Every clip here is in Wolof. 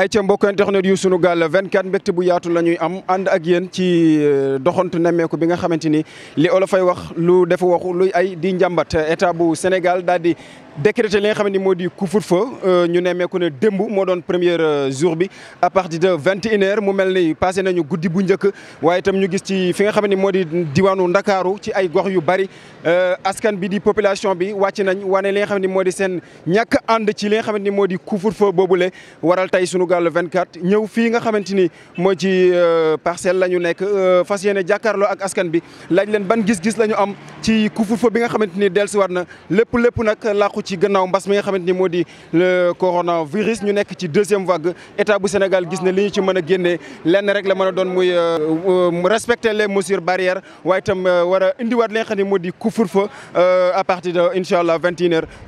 ay ca mbokk internet yu sunu gaal 24 mbégte bu yaatu la ñuy am ànd ak yéen ci euh, doxantu nemmeeku bi nga xamante ni li olofay wax lu def waxu luy ay di njàmbat état bu Sénégal daal décrété li nga xam ne moo di couvre-feu euh, ñu nemmeeku ne démb moo doon premier euh, jour bi à partir de vingt et une mu mel ni passé nañu guddi bu njëkk waaye itam ñu gis ci fi nga xam ne moo di diwaanu Ndakaaru ci ay gox yu bari euh, askan bi di population bi wàcc nañ wane li nga xam ne moo di seen ñàkk ànd ci li nga xam ne moo di couvre-feu boobule waral tey Sunugal 24 ñëw fii nga xamante ni moo ci parcelle la ñu nekk fas yéene jàkkaarloo ak askan bi laaj leen ban gis-gis la am ci couvre-feu bi nga xamante ni na ci gannaaw mbas mi nga xamante ni moo di le coronavirus ñu nekk ci deuxième vague état bu Sénégal gis na li ñu ci mën a génnee lenn rek la mën a doon muy euh, euh, respecter le mesures barrières waaye tam euh, war a indiwaat li nga xam moo di couvre-feu à partir de allah vingt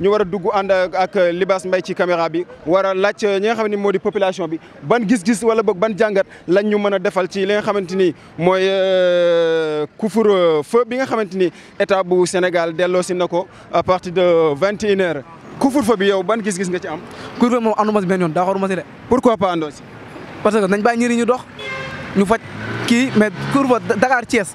ñu war a dugg ànd ak Libaas Mbaye ci caméra bi war a laaj ñi nga xam ne moo di population bi ban gis-gis wala boog ban jàngat lañ ñu mën a defal ci li nga xamante ni mooy couvre-feu bi nga xamante ni état bu Sénégal delloosi na ko à partir de vingt une une heure bi yow ban gis-gis nga ci am. couvre-feu moom ànduma si benn yoon d'accord ma si de. pourquoi pas àndoo si. parce que nañ bàyyi ñëri ñu dox ñu faj kii mais couvre-feu Dakar Thiès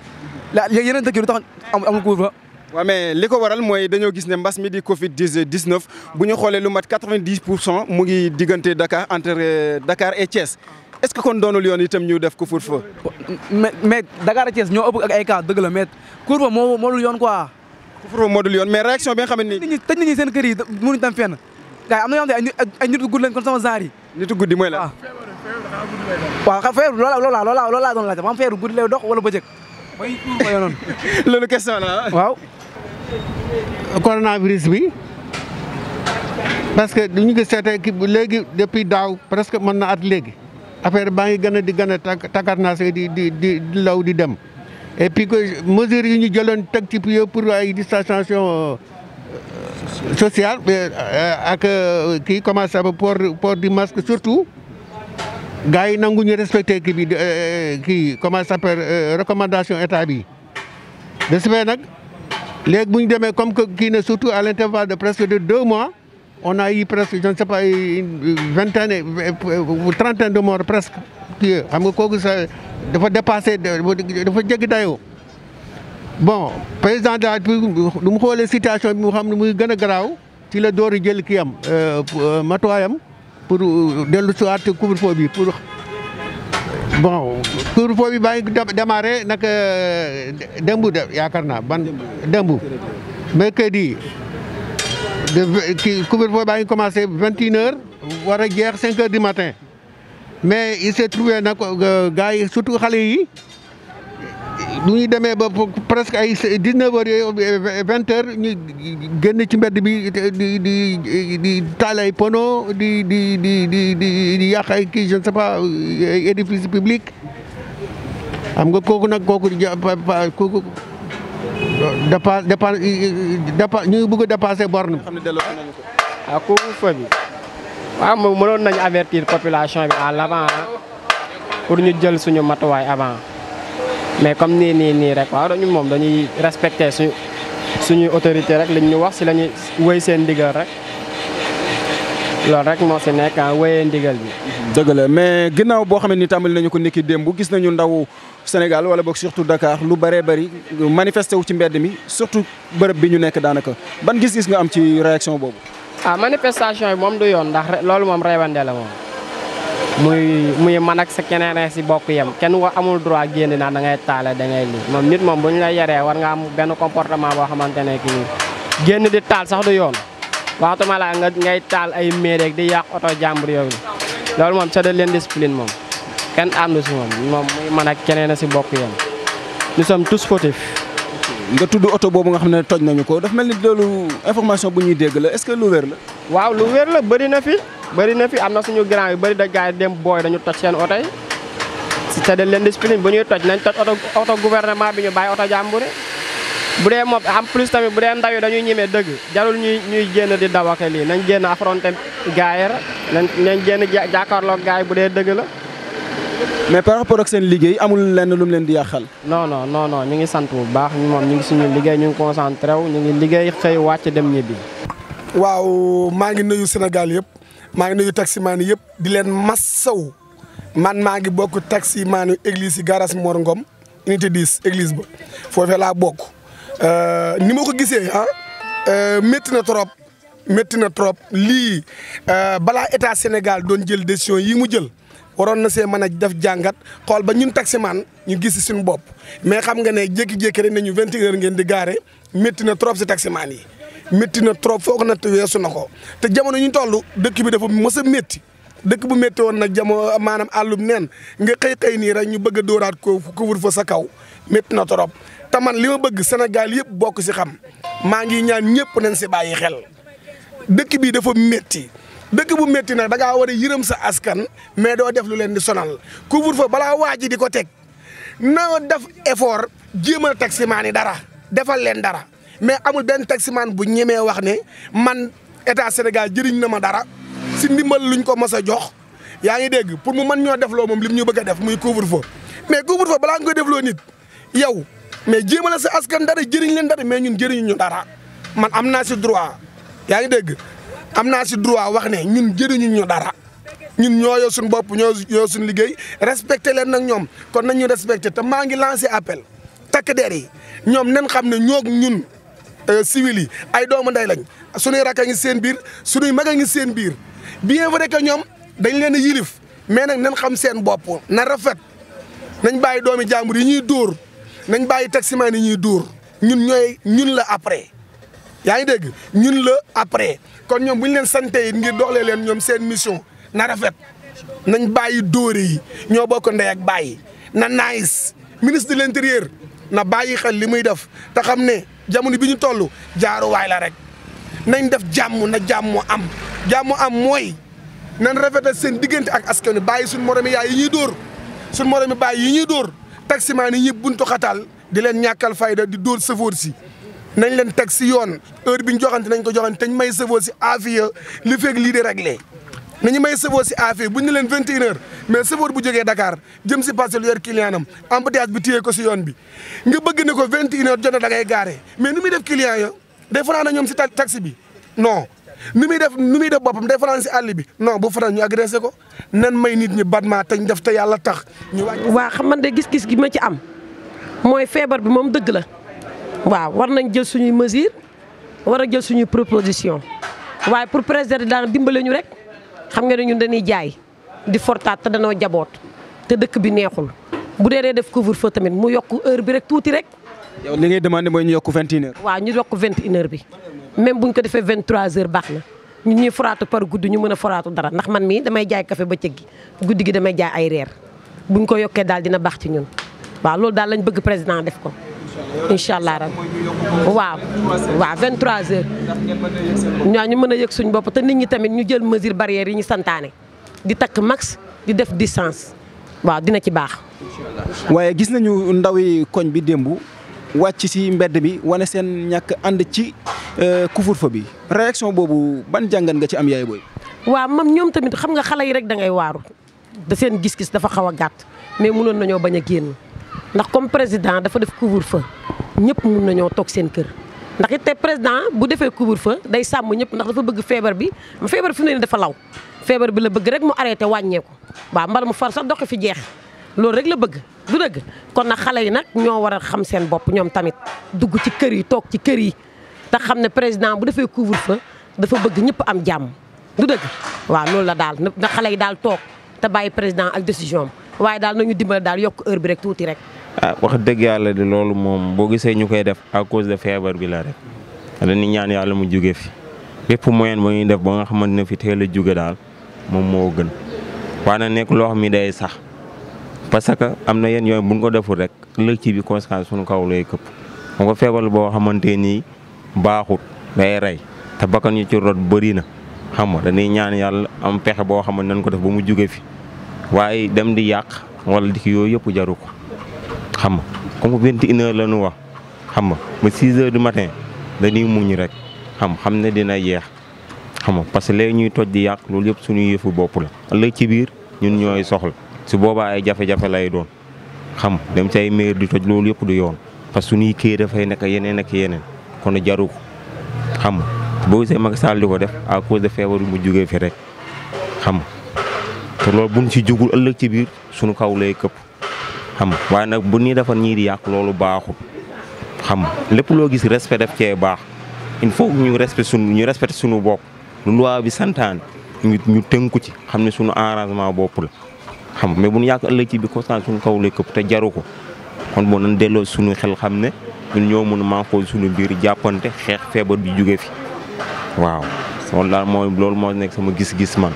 li ko waral mooy dañoo gis ne mbas mi di Covid 19 bu ñu xoolee lu mat 90 pour cent mu ngi diggante Dakar entre euh, Dakar et Thiès est-ce que kon doonul yoon itam ñu def couvre-feu. mais mais Dakar ñoo ëpp ay cas dëgg la mais couvre-feu moo moo yoon quoi. kufru moo dul yoon mais réaction bi nga xam ne nii. tëj nañu seen kër yi mënuñu tam fenn gars am na yoo xam ne ay nitu guddi lañ kon sama genre yi. nitu guddi mooy lan. waaw xam feebaru loolaa loolaa loolaa loolaa doon laajte maanaam feebaru guddi lay dox wala bëccëg. mooy mooy noonu. loolu la waaw. coronavirus bi. parce que du ñu gis seetee kii léegi depuis daaw presque mën na at léegi affaire baa ngi gën di gën a takk takkarnaase di di di law di dem. et puis que mesures yi ñu jëloon teg ci pour ay distanciation euh, sociale euh, ak euh, kii comment por port port du masque surtout gars yi nangu ñu respecté kii bi kii comment ça s'appelle recommandation état bi. de ce fait nag léegi bu demee comme que kii ne surtout à l'intervalle de presque de deux mois on a eu presque je ne sais pas une vingtaine ou trentaine de morts presque. pieux xam nga kooku sa dafa dépassé dafa jéggi dayoo bon président de la République du mu xoolee situation bi mu xam ne muy gën a garaaw ci la door a jël kii am euh, euh, matuwaayam pour euh, dellu si waat couvre-feu bi pour bon couvre-feu bi baa ngi démarré nag dembu de yaakaar naa ban démb mercredi de couvre-feu baa ngi commencé vingt une heures war a jeex cinq heures du matin mais il s'est trouvé nag euh, gars yi surtout xale yi nu ñuy demee ba presque ay dix-neuf heures yooyu vingt heures ñu ci mbedd bi di di ay pono di di di di di yàq ay kii je ne sais pas édifice public xam nga kooku nag kooku kooku dépasse dépasse ñuy bëgg a dépasser borne. waaw ah, kooku fa bi. waaw ah, mënoon nañu avertir population bi à l'avant ah, pour ñu jël suñu matuwaay avant mais comme nii nii nii rek waaw dañu moom dañuy respecter suñu suñuy autorité rek liñ ñu wax si lañuy wéy seen ndigal rek loolu rek moo si nekk ah, wéyee ndigal bi. dëgg mais ginnaaw boo xamee ni tàmbali nañu ko niki démb gis nañu ndaw Sénégal wala boog surtout Dakar lu bëree bari manifesté wu ci mbedd mi surtout bërëb bi ñu nekk daanaka ban gis-gis nga am ci réaction boobu. a ah, manifestation yi moom du yoon ndax loolu moom reewande la moom muy muy man ak sa keneen si bokk yem kenn wa amul droit génn naa da ngay taale dangay ngay lii moom nit moom bu ñu la yaree war nga am benn comportement boo xamante ne ki génn di taal sax du yoon waxtuma laa nga ngay taal ay méeréeg di yàq oto jàmbur yooyu loolu moom c'est de l'indiscipline moom kenn àndu si moom moom muy man ak keneen si bokk yem nous sommes tous fautifs nga tudd oto boobu nga xam ne toj nañu ko dafa mel ni loolu information bu ñuy dégg la est-ce que lu wér la. waaw lu wér la bëri na fi bëri na fi am na suñu grand yu bëri da gars yi dem booy dañu toj seen oto yi te dañ leen discipline bu ñuy toj nañ toj oto oto gouvernement bi ñu bàyyi oto jàmbur bu dee moom en plus tamit bu dee ndaw yi dañuy ñemee dëgg jarul ñuy ñuy génn di dawake lii nañ génn affronté gars yi nañ nañ génn jàkkaarloog gars yi bu dee dëgg la. mais par rapport ak seen liggéey amul lenn lu mu leen di yàqal. non non non non ñu ngi sant bu baax moom ñu ngi suñu liggéey ñu ngi concentré wu ñu ngi liggéey xëy wàcc dem ñibbi. waaw maa ngi nuyu Sénégal yëpp maa ngi nuyu taximaan yëpp di leen massaw man maa ngi bokk taximaan yu église yi garage Mor Ngom unité 10 église ba foofee laa bokk euh, ni ma ko gisee ah euh, métti na trop. métti na trop lii euh, balaa état Sénégal doon jël décision yi mu jël waroon na see mën a def jàngat xool ba ñun taximaan ñu gis suñu bopp mais xam nga ne jékki-jékki rek na ñu heures ngeen di gaare métti na trop si taximaan yi métti na trop foog na te weesu na ko te jamono ñu toll dëkk bi dafa mës a métti dëkk bu métti woon nag jamono maanaam àllum neen nga xëy xëy nii rek ñu bëgg dóoraat ko couvre fa sa kaw métti na trop te man li ma bëgg Sénégal yëpp bokk si xam maa ngi ñaan ñëpp nañ si bàyyi xel dëkk bi dafa métti. dëkk bu métti nag da ngaa war a yërëm sa askan mais doo def lu leen di sonal couvre-feu balaa waa ji di ko teg na def effort jéem a taximaan yi dara defal leen dara mais amul benn taximaan bu ñemee wax ne man état Sénégal jëriñ na ma dara si ndimbal luñ ko mës a jox yaa ngi dégg pour mu mën ñoo def loo moom lim ñu bëgg a def muy couvre-feu mais couvre-feu balaa nga koy def nit yow mais jéem a la sa askan dara jëriñ leen dara mais ñun jëriñu ñu dara man am naa si droit yaa ngi dégg. am naa si droit wax ne ñun jëriñu ñu dara ñun ñoo yor suñu bopp ñoo yor liggéey respecté leen nag ñoom kon nañ ñu respecté te maa ngi lancé appel takk yi ñoom nan xam ne ñook ñun euh, civil yi ay doomu ndey lañ suñuy rakk a ngi seen biir suñuy mag a ngi seen biir bien vrai que ñoom dañ leen a yilif mais nag nañ xam seen bopp na rafet nañ bàyyi doomi jàmbur yi ñuy dóor nañ bàyyi taximaan yi ñuy dóor ñun ñooy ñun la après yaa ngi dégg ñun la après kon ñoom bu ñu leen sante yi ngir doxalee leen ñoom seen mission na rafet nañ bàyyi dóore yi ñoo bokk ndey ak bàyyi na nice ministre de l'intérieur na bàyyi xel li muy def te xam ne jamono bi ñu toll jaaruwaay la rek nañ def jàmm na jàmm am jàmm am mooy nan rafetal seen diggante ak askan wi bàyyi suñ moromi yaay yi ñuy dóor suñ moromi bàyyi yi ñuy dóor taximaan yi ñuy buntu xataal di leen ñàkkal fayda di dóor sëfoor si nañ leen teg si yoon heure bi ñu joxante nañ ko joxante te ñu may sëfoo si aafiya li fekk lii di réglé nañu may sëfoo si aafiya bu ñu leen vingt et une heures mais sëfoor bu jógee dakaar jëm si parcelle lu yor client am embouteillage bi téyee ko si yoon bi nga bëgg ne ko vingt et une heures jot da ngay gaare mais nu muy def client yo day fanaan ñoom si taxi bi non nu muy def nu muy def boppam day fanaan si àll bi no bu fanaan ñu agressé ko nan may nit ñi batma te ñu def te yàlla tax ñu wàcc. waaw xam man de gis-gis gi ma ci am mooy feebar bi moom dëgg la. waaw war nañ jël suñuy mesure war a jël suñuy proposition waaye pour président daan dimbale ñu rek xam nga ne ñun dañuy jaay di fortaat te danoo jaboot te dëkk bi neexul bu dee dee def couvre-feu tamit mu yokk heure bi rek tuuti rek. yow li ngay demandé mooy ñu yokk vingt et une ñu yokk vingt et une bi même bu ko defee vingt trois baax na ñun ñuy foraatu par guddi ñu mën a foraatu dara ndax man mii damay jaay kafe ba cëggi guddi gi damay jaay ay reer bu ñu ko yokkee daal dina baax ci ñun waaw loolu daal lañ bëgg président def ko. incha allah rab waaw waaw 23 heures ñoo ñu mën a yëg suñ bopp te nit ñi tamit ñu jël mesure barrière yi ñu santaane di takk max di def distance waaw dina ci baax waaye gis nañu ndaw yi koñ bi démb wàcc si mbedd bi wane seen ñàkk ànd ci euh, couvre-feu bi réaction boobu ban jàngat nga ci am yaay booy waaw mam ñoom tamit xam nga xale yi rek dangay ngay waaru da seen gis-gis dafa xaw a gàtt mais mënoon nañoo bañ a génn ndax comme président dafa def couvre-feu ñëpp mun na ñoo toog seen kër ndax it te président bu defee couvre fa day sàmm ñëpp ndax dafa bëgg feebar bi feebar fi mu ne dafa law feebar bi la bëgg rek mu arrêté wàññeeku waaw mbala mu far sa doxi fi jeex loolu rek la bëgg du dëgg kon na xale yi nag ñoo war a xam seen bopp ñoom tamit dugg ci kër yi toog ci kër yi te xam ne président bu defee couvre fa dafa bëgg ñëpp am jàmm du dëgg waaw loolu la daal na xale yi daal toog te bàyyi président ak décision waaye daal nañu dimbali daal yokk heure bi rek tuuti rek ah wax dëgg yàlla di loolu moom boo gisee ñu koy def à cause de feebar bi la rek dañuy ñaan yàlla mu jóge fi bépp moyen ba ñuy def ba nga xamante ne fi teel a jóge daal moom moo gën waa na nekk loo xam ni day sax parce que am na yenn yooyu buñ ko deful rek ëllëg bi conséquence suñu kaw lay këpp moo ko feebar boo xamante nii baaxut day rey te bakkan ñu ci rot bëri na xam nga dañuy ñaan yàlla am pexe boo xam ne nañ ko def ba mu jóge fi waaye dem di yàq wala dikk yooyu yëpp jaru ko xam nga comme vingt et une heures la ñu wax xam nga ba six heures matin dañuy muñ rek xam xam ne dina yeex xam nga parce que léegi ñuy toj di yàq loolu yëpp suñu yëfu bopp la ëllëg ci biir ñun ñooy soxla su boobaa ay jafe-jafe lay doon xam dem ci ay maire di toj loolu yëpp du yoon parce que suñuy kii dafay nekk yeneen ak yeneen kon jaru ko xam nga boo gisee Macky Sall di ko def a cause de feebar mu jugee fi rek xam te loolu buñ ci jugul ëllëg ci biir suñu kaw lay këpp xam waaye nag bu ñuy defar ñii di yàq loolu baaxul xam lépp loo gis respect def cee baax il faut ñu respet sunu ñu respecté sunu bopp lu loi bi santaan ñu ñu tënku ci xam ne sunu arrangement bopp la xam mais bu ñu yàq ëllëg ci bi constat suñu kaw lay këpp te jaru ko kon boo nan delloo suñu xel xam ne ñun ñoo mën a manqué suñu biir jàppante xeex feebar bi jóge fi waaw loolu daal mooy loolu moo nekk sama gis-gis man.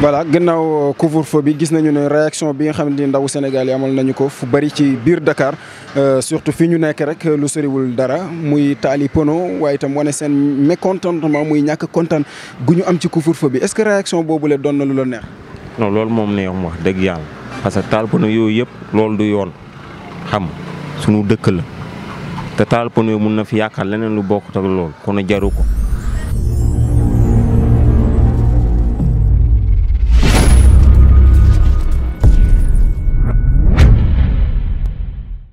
voilà gannaaw euh, couvre-feu bi gis nañu ne réaction bi nga xam ni ndawu Sénégal yi amal nañu ko fu bëri ci biir Dakar euh, surtout fi ñu nekk rek lu soriwul dara muy taali pono waaye itam wane seen mécontentement muy ñàkk kontaan gu ñu am ci couvre-feu bi est-ce que réaction boobu le doon na lu la neex. non lool moom neex wax dëgg yàlla parce que taal pono yooyu yëpp loolu du yoon xam sunu dëkk la te taal pono yooyu mun na fi yaakaar leneen lu bokkut ak loolu kon jaru ko.